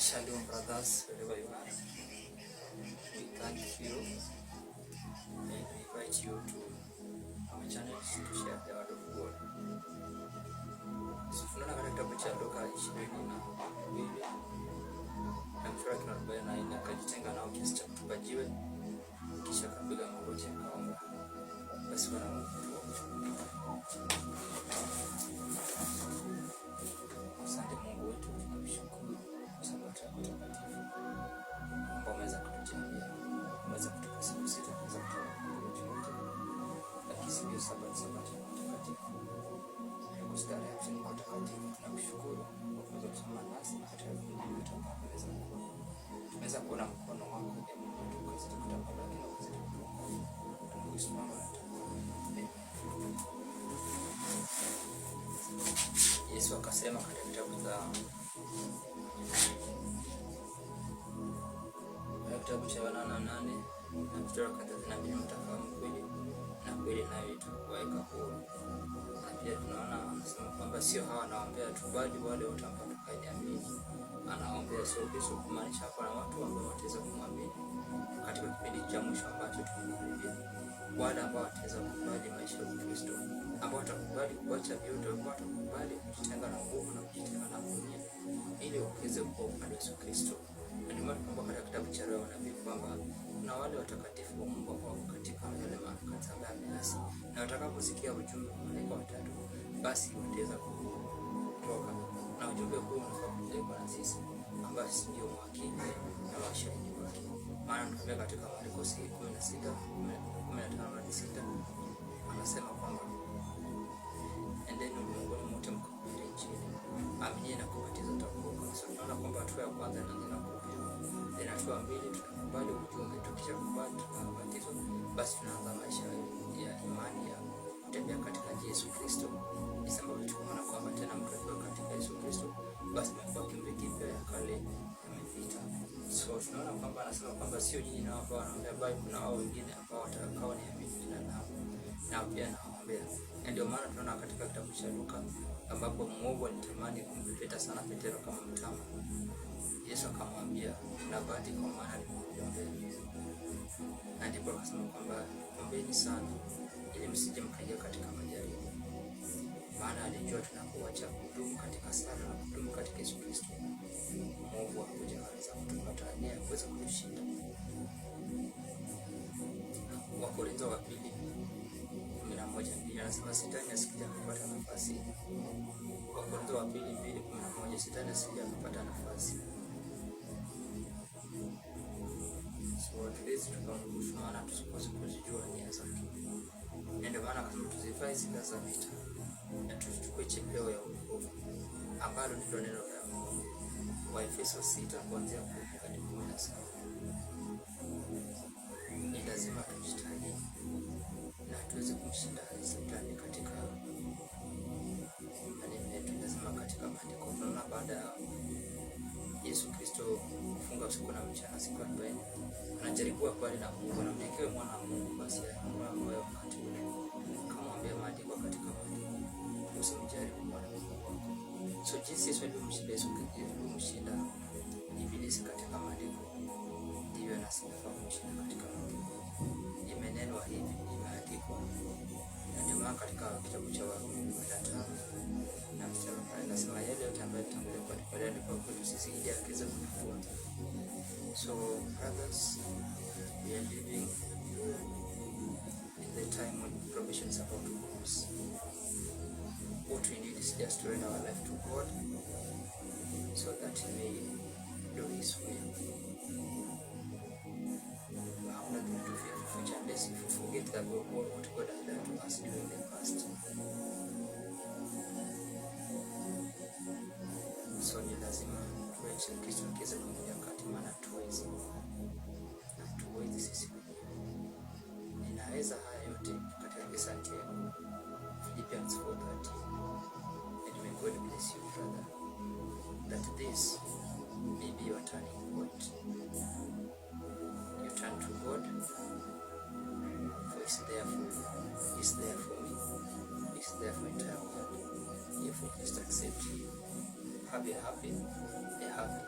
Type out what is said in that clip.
Shalom brothers, wherever you are. We thank you and we invite you to our channels to share the word of God. Tunaona katika kitabu cha Luka ishirini na mstari wa arobaini akajitenga nao kiasi cha kutupa jiwe, kisha akapiga magoti akaomba. Basi Bwana wamesema katika kitabu cha Kitabu cha Wanao nane na mstari wa thelathini na mbili mtafahamu kweli na kweli nayo itakuwaweka huru. Na pia tunaona anasema kwamba sio hawa wanaombea tu, bali wale wote ambao watakayeamini. Anaombea sio Yesu, kumaanisha hapa na watu ambao wataweza kumwamini katika kipindi cha mwisho ambacho tunakaribia, wale ambao wataweza kukubali maisha ya Kristo, ambao watakubali kuacha vyote, ambao watakubali kujitenga na ili waweze kuwa wa Yesu Kristo. Na ndio maana kwamba katika kitabu cha Roho wanaambia kwamba kuna wale watakatifu wa Mungu ambao wako katika wale makataba ya na watakaposikia ujumbe wa malaika watatu, basi wataweza kutoka, na ujumbe huu unafaa kupelekwa na sisi ambao sisi ndio mawakili na washahidi wake, maana tunaambia katika Marko 16 na hadi 16 anasema kwamba endeni ulimwenguni mote mkahubiri Injili, aminyeni na kubatizwa mtakuwa So tunaona kwamba hatua ya kwanza inaanza na kuamini, then hatua mbili tunakubali ujumbe. Tukishakubali tunabatizwa, basi tunaanza maisha ya imani ya kutembea katika Yesu Kristo, jinsi ambavyo tunaona kwamba tena mtu akiwa katika Yesu Kristo, basi mambo kimbe kipya ya kale yamepita. So tunaona kwamba anasema kwamba sio nyinyi na ambao wanaambia, bali kuna wao wengine ambao watakao niamini jina langu na pia na maombezi, na ndio maana tunaona katika kitabu cha Luka ambapo mwovu alitamani kumpepeta sana Petero kama mtama. Yesu akamwambia na bahati, kwa maana nimekuombea. Na ndipo akasema kwamba ombeni sana ili msije mkaingia katika majaribu, maana alijua cha kudumu katika sala na kudumu katika Yesu Kristo anasema shetani asikuja kupata nafasi. Wakorintho wa pili mbili kumi na moja shetani asikuja kupata nafasi. So hatuwezi tukamrudisha, maana tusikuwezi kuzijua nia zake. Ndio maana kama tuzivae silaha za vita na tuchukue chepeo ya wokovu ambalo ndilo neno la Mungu, Waefeso sita kuanzia kumi hadi kumi na saba. Ni lazima tujitahidi tuweze kumshinda Shetani katika maneno yetu. Nasema katika maandiko, mara baada ya Yesu Kristo kufunga usiku na mchana siku arobaini, anajaribiwa kweli na Mungu, na mnekewe mwana wa Mungu, basi aa moyo wakati kamwambia maandiko katika maandiko, usimjaribu Bwana Mungu wako. So jinsi Yesu alivyomshinda Yesu kumshinda Ibilisi katika maandiko, ndivyo nasi nafaa kumshinda katika maandiko. Imenenwa hivi, imeandikwa is a good food. So others, we are living in the time when provision is about to close. What we need is just to render our life to God so that He may do His will. not going to fear for future unless if we forget that God, what God has done to us during the past. So ni lazima maisha ya Kristo akiweza kuingilia kati, maana hatuwezi, hatuwezi sisi wenyewe. Ninaweza haya yote katika Santiago, Philippians 4:13. And may God bless you brother that this may be your turning point. You turn to God for it's there for you, it's there for me, it's there for entire world if we just accept you. happy happy happy